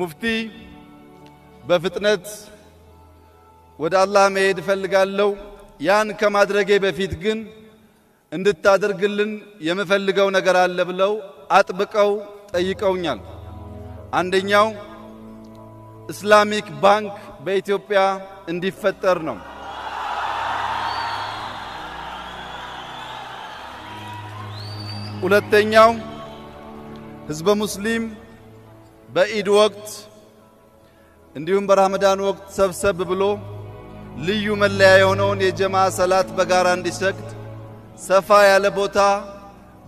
ሙፍቲ በፍጥነት ወደ አላህ መሄድ እፈልጋለሁ። ያን ከማድረጌ በፊት ግን እንድታደርግልን የምፈልገው ነገር አለ ብለው አጥብቀው ጠይቀውኛል። አንደኛው ኢስላሚክ ባንክ በኢትዮጵያ እንዲፈጠር ነው። ሁለተኛው ህዝበ ሙስሊም በኢድ ወቅት እንዲሁም በራመዳን ወቅት ሰብሰብ ብሎ ልዩ መለያ የሆነውን የጀማ ሰላት በጋራ እንዲሰግድ ሰፋ ያለ ቦታ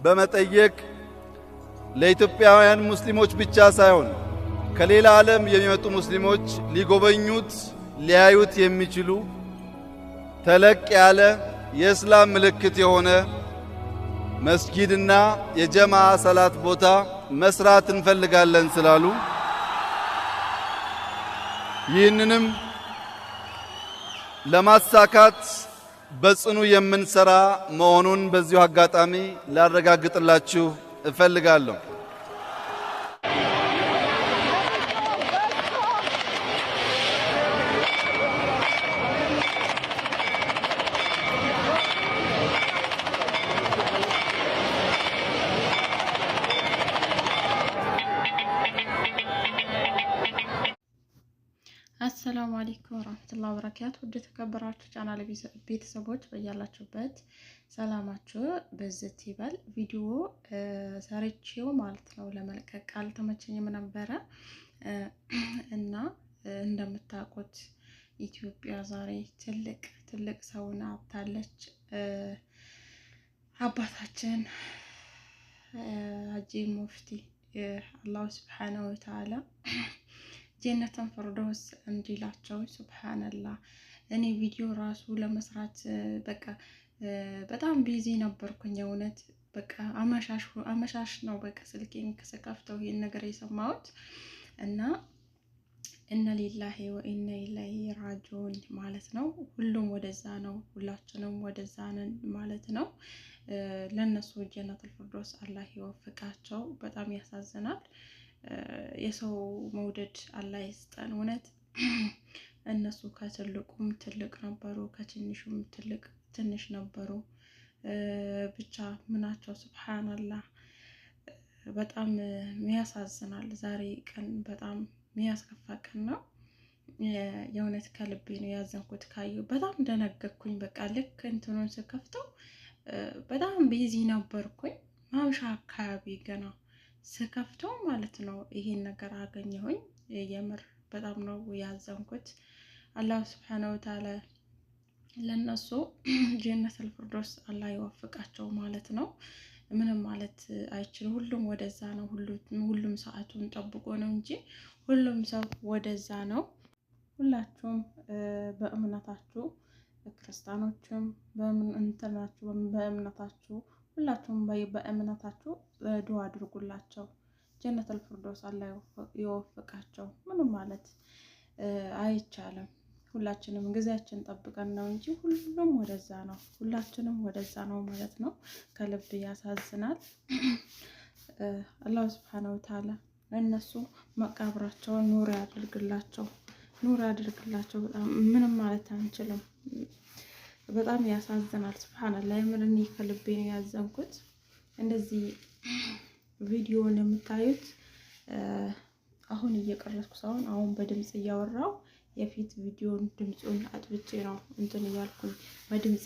በመጠየቅ ለኢትዮጵያውያን ሙስሊሞች ብቻ ሳይሆን ከሌላ ዓለም የሚመጡ ሙስሊሞች ሊጎበኙት ሊያዩት የሚችሉ ተለቅ ያለ የእስላም ምልክት የሆነ መስጊድና የጀማ ሰላት ቦታ መስራት እንፈልጋለን ስላሉ ይህንንም ለማሳካት በጽኑ የምንሰራ መሆኑን በዚሁ አጋጣሚ ላረጋግጥላችሁ እፈልጋለሁ። ወራህመቱላሂ ወበረካቱ ውድ ተከበራችሁ ቻናል ቤተሰቦች በያላችሁበት ሰላማችሁ በዝት ይበል። ቪዲዮ ሰርቼው ማለት ነው ለመልቀቅ አልተመቸኝም ነበረ እና እንደምታውቁት ኢትዮጵያ ዛሬ ትልቅ ትልቅ ሰውን አብታለች። አባታችን ሀጂ ሙፍቲ አላሁ ስብሓነሁ ወተዓላ ጀነትን ፈርዶስ እንዲላቸው ሱብሃነላህ። እኔ ቪዲዮ ራሱ ለመስራት በቃ በጣም ቢዚ ነበርኩኝ እውነት በቃ አመሻሽ አመሻሽ ነው በቃ ስልኬን ከሰካፍተው ይህን ነገር የሰማሁት እና እነ ሊላሂ ወኢነ ኢለይሂ ራጂዑን ማለት ነው። ሁሉም ወደዛ ነው፣ ሁላችንም ወደዛ ነን ማለት ነው። ለእነሱ ጀነት ፍርዶስ አላህ ይወፍቃቸው። በጣም ያሳዝናል። የሰው መውደድ አላህ ይስጠን። እውነት እነሱ ከትልቁም ትልቅ ነበሩ፣ ከትንሹም ትልቅ ትንሽ ነበሩ። ብቻ ምናቸው አላ በጣም ሚያሳዝናል። ዛሬ ቀን በጣም ሚያስከፋ ቀን ነው። የእውነት ከልቤ ነው ያዘንኩት። ካዩ በጣም ደነገኩኝ። በቃ ልክ እንትኑን ስከፍተው በጣም ቢዚ ነበርኩኝ ማምሻ አካባቢ ገና ስከፍተው ማለት ነው ይሄን ነገር አገኘሁኝ። የምር በጣም ነው ያዘንኩት። አላህ ስብሓነ ወተዓላ ለእነሱ ጀነት አልፍርዶስ አላህ ይወፍቃቸው ማለት ነው። ምንም ማለት አይችልም። ሁሉም ወደዛ ነው። ሁሉም ሰዓቱን ጠብቆ ነው እንጂ ሁሉም ሰው ወደዛ ነው። ሁላችሁም በእምነታችሁ ክርስቲያኖችም በእምነታችሁ ሁላችሁም በእምነታችሁ ዱዓ አድርጉላቸው። ጀነተል ፊርዶስ አላ ይወፍቃቸው። ምንም ማለት አይቻልም። ሁላችንም ጊዜያችን ጠብቀን ነው እንጂ ሁሉም ወደዛ ነው፣ ሁላችንም ወደዛ ነው ማለት ነው። ከልብ ያሳዝናል። አላህ ሱብሓነሁ ወተዓላ እነሱ መቃብራቸውን ኑር ያድርግላቸው፣ ኑር ያድርግላቸው። በጣም ምንም ማለት አንችልም። በጣም ያሳዝናል። ስብሓንላ የምር እኔ ከልቤ ነው ያዘንኩት። እንደዚህ ቪዲዮን የምታዩት አሁን እየቀረስኩ ሳይሆን አሁን በድምፅ እያወራው የፊት ቪዲዮን ድምፁን አጥብቼ ነው እንትን እያልኩኝ በድምፅ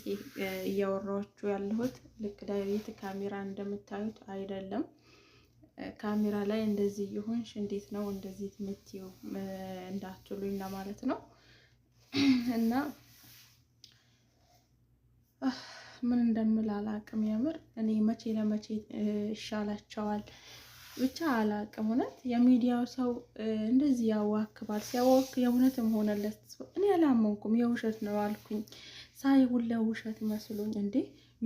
እያወራችሁ ያለሁት። ልክ ዳይሬት ካሜራ እንደምታዩት አይደለም። ካሜራ ላይ እንደዚህ ይሁንሽ እንዴት ነው እንደዚህ ምትው እንዳትሉኝ ለማለት ነው እና ምን እንደምል አላቅም። የምር እኔ መቼ ለመቼ ይሻላቸዋል ብቻ አላቅም። እውነት የሚዲያው ሰው እንደዚህ ያዋክባል። ሲያዋክ የእውነትም ሆነለት። እኔ አላመንኩም፣ የውሸት ነው አልኩኝ። ሳይ ሁለ ውሸት መስሎኝ እንዴ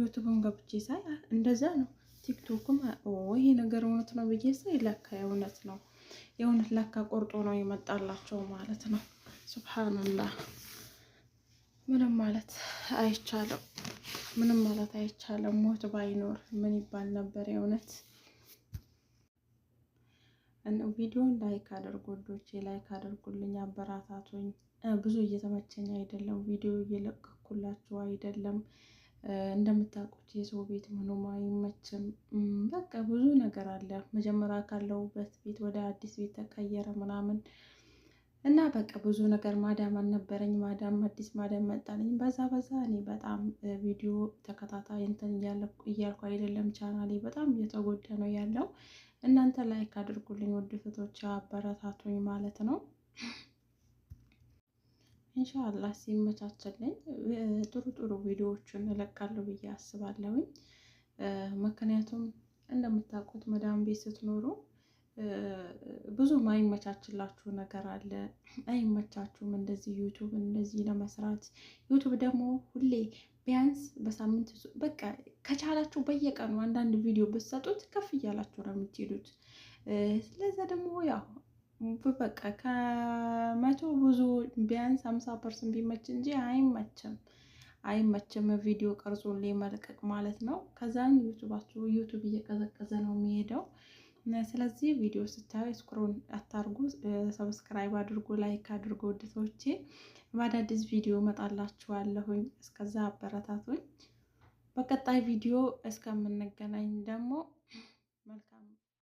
ዩቱብን ገብቼ ሳይ እንደዛ ነው። ቲክቶክም ይሄ ነገር እውነት ነው ብዬ ሳይ ለካ የእውነት ነው። የእውነት ለካ ቆርጦ ነው የመጣላቸው ማለት ነው። ሱብሃንላህ ምንም ማለት አይቻልም። ምንም ማለት አይቻልም። ሞት ባይኖር ምን ይባል ነበር? የእውነት ቪዲዮን ላይክ አድርጉ ወዶቼ፣ ላይክ አድርጉልኝ፣ አበራታቱኝ። ብዙ እየተመቸኝ አይደለም፣ ቪዲዮ እየለቀኩላችሁ አይደለም። እንደምታውቁት የሰው ቤት ምንም አይመችም። በቃ ብዙ ነገር አለ። መጀመሪያ ካለሁበት ቤት ወደ አዲስ ቤት ተቀየረ ምናምን እና በቃ ብዙ ነገር ማዳም አልነበረኝ። ማዳም አዲስ ማዳም መጣልኝ። በዛ በዛ እኔ በጣም ቪዲዮ ተከታታይ እንትን እያልኩ አይደለም፣ ቻናሌ በጣም እየተጎዳ ነው ያለው። እናንተ ላይክ አድርጉልኝ፣ ውድ ፍቶች አበረታቱኝ ማለት ነው። እንሻላ ሲመቻችልኝ ጥሩ ጥሩ ቪዲዮዎችን እለቃለሁ ብዬ አስባለሁኝ። ምክንያቱም እንደምታውቁት መዳም ቤት ስትኖሩ ብዙም አይመቻችላችሁ ነገር አለ። አይመቻችሁም እንደዚህ ዩቱብ እንደዚህ ለመስራት። ዩቱብ ደግሞ ሁሌ ቢያንስ በሳምንት በቃ ከቻላችሁ በየቀኑ አንዳንድ ቪዲዮ ብትሰጡት ከፍ እያላችሁ ነው የምትሄዱት። ስለዛ ደግሞ ያው በቃ ከመቶ ብዙ ቢያንስ ሀምሳ ፐርሰንት ቢመች እንጂ አይመችም አይመችም ቪዲዮ ቀርጾ ላይ መልቀቅ ማለት ነው። ከዛን ዩቱባችሁ ዩቱብ እየቀዘቀዘ ነው የሚሄደው። ስለዚህ ቪዲዮ ስታዩ ስክሮን አታርጉ፣ ሰብስክራይብ አድርጉ፣ ላይክ አድርጉ። ውድ ሰዎቼ በአዳዲስ ቪዲዮ መጣላችኋለሁኝ። እስከዛ አበረታቱኝ። በቀጣይ ቪዲዮ እስከምንገናኝ ደግሞ